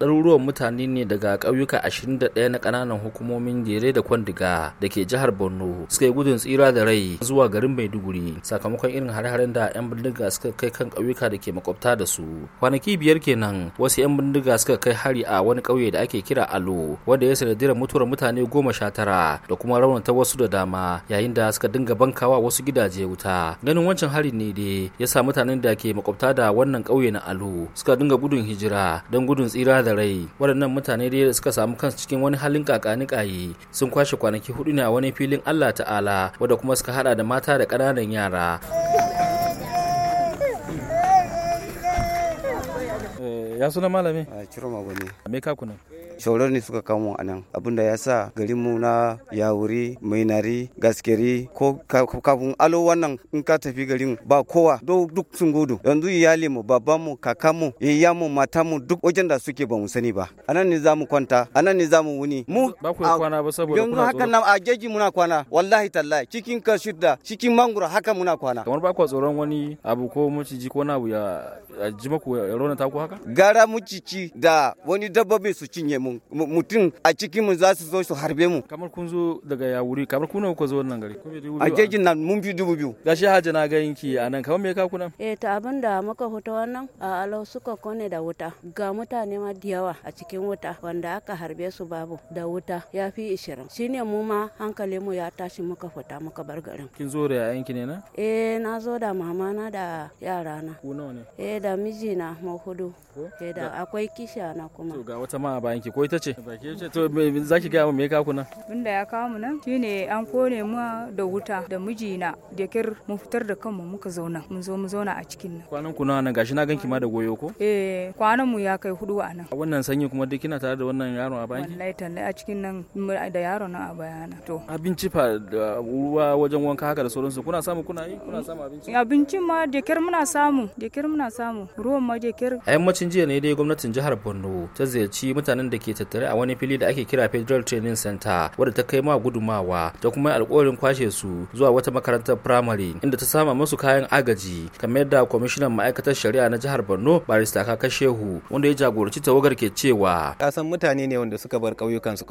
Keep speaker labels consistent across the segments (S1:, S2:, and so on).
S1: ɗaruruwan mutane ne daga ƙauyuka 21 na ƙananan hukumomin jere da kwandiga da ke jihar borno suka yi gudun tsira da rai zuwa garin maiduguri sakamakon irin hare-haren da 'yan bindiga suka kai kan ƙauyuka da ke makwabta da su kwanaki biyar kenan wasu 'yan bindiga suka kai hari a wani ƙauye da ake kira alo wanda ya sanadiyar mutuwar mutane goma sha tara da kuma raunata wasu da dama yayin da suka dinga bankawa wasu gidaje wuta ganin wancan hari ne dai ya sa mutanen da ke makwabta da wannan ƙauye na alo suka dinga gudun hijira don gudun tsira da da rai waɗannan mutane dai da suka samu kansu cikin wani halin kakani kayi sun kwashe kwanaki hudu ne a wani filin Allah ta'ala wadda kuma suka hada da mata da ƙananan yara eh, ya suna malami a ah, kiro magwani me
S2: shaurar ne suka kamo a nan abinda ya sa garinmu na yawuri mainari gaskeri ko kafin alo wannan in ka tafi garin ba kowa duk sun gudu yanzu iyalinmu babanmu kakanmu iyamu matanmu duk wajen da suke ba mu sani ba anan ne za mu kwanta anan ne za mu wuni mu
S1: ba ku kwana ba saboda yanzu haka nan a
S2: jeji muna kwana wallahi tallahi cikin kashi da
S1: cikin mangura haka muna kwana kamar ba ku tsoron wani abu ko maciji ko na abu ya ji maku ya rona ta ku haka gara ci da wani dabbobi su cinye mu mu mutum a cikin mu za su zo su harbe mu kamar kun zo daga ya wuri kamar kuna ku zo wannan gari a jejin nan mun bi dubu biyu gashi hajji na ganin ki a nan kamar me
S3: ka kuna eh ta abin da muka hoto wannan a alau suka kone da wuta ga mutane ma da yawa a cikin wuta wanda aka harbe su babu da wuta ya fi ishirin shine mu ma hankali mu ya tashi muka fita muka bar garin
S1: kin zo da ki ne na
S3: eh na zo da mama na da yara na ku nawa ne eh da mijina mu hudu eh da akwai kisha na
S1: kuma to ga wata ma bayan ki ko ita ce to za ki gaya me ya kawo nan
S3: ya kawo mu nan shine an kone mu da wuta da mijina da kir mun fitar da kanmu muka zauna mun zo mu zauna a cikin nan kwanan
S1: ku nan gashi na ganki ma da goyo ko
S3: eh kwanan mu ya kai hudu a nan
S1: wannan sanyi kuma duk kina tare da wannan yaron a bayan wallahi
S3: talle a cikin nan da yaron nan a bayana to
S1: abinci fa da ruwa wajen wanka haka da sauransu kuna samu kuna yi kuna samu
S3: abinci abinci ma da kir muna samu da kir muna samu ruwan ma da kir
S1: a yammacin jiya ne dai gwamnatin jihar Borno ta ziyarci mutanen da ke tattare a wani fili da ake kira federal training center wadda ta kai ma gudumawa ta kuma alkawarin kwashe su zuwa wata makarantar primary inda ta sama masu kayan agaji kamar yadda kwamishinan ma'aikatar shari'a na jihar borno barista kaka shehu wanda ya jagoranci tawagar ke cewa kasan mutane ne wanda suka bar ƙauyukan su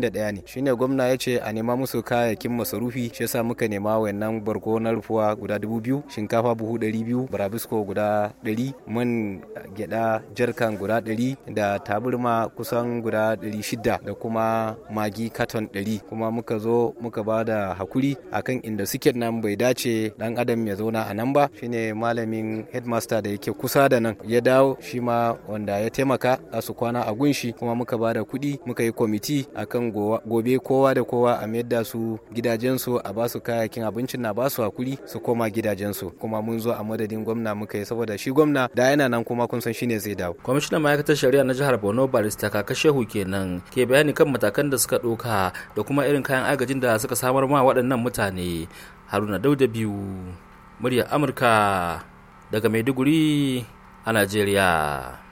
S1: da ɗaya
S4: ne shine gwamna ya ce a nema musu kayayyakin masarufi shi yasa muka nema wayannan barko na rufuwa guda 2000 shinkafa buhu 200 barabisko guda 100 man gyaɗa jarkan guda 100 da taburma kusa kusan guda 600 da kuma magi katon 100 kuma muka zo muka ba da hakuri akan inda suke nan bai dace dan adam ya zauna a nan ba shine malamin headmaster da yake kusa da nan ya dawo shi ma wanda ya taimaka za su kwana a gunshi kuma muka ba da kuɗi muka yi kwamiti kan gobe kowa da kowa a mayar da su gidajensu a ba su kayakin abincin na ba su hakuri su koma gidajensu kuma mun zo
S1: a madadin gwamna muka yi saboda shi gwamna da yana nan kuma kun san shine zai dawo kwamishinan ma'aikatar shari'a na jihar borno barista kaka shehu kenan ke bayani kan matakan da suka ɗauka da kuma irin kayan agajin da suka samar ma waɗannan mutane haruna dauda biyu muryar amurka daga maiduguri a najeriya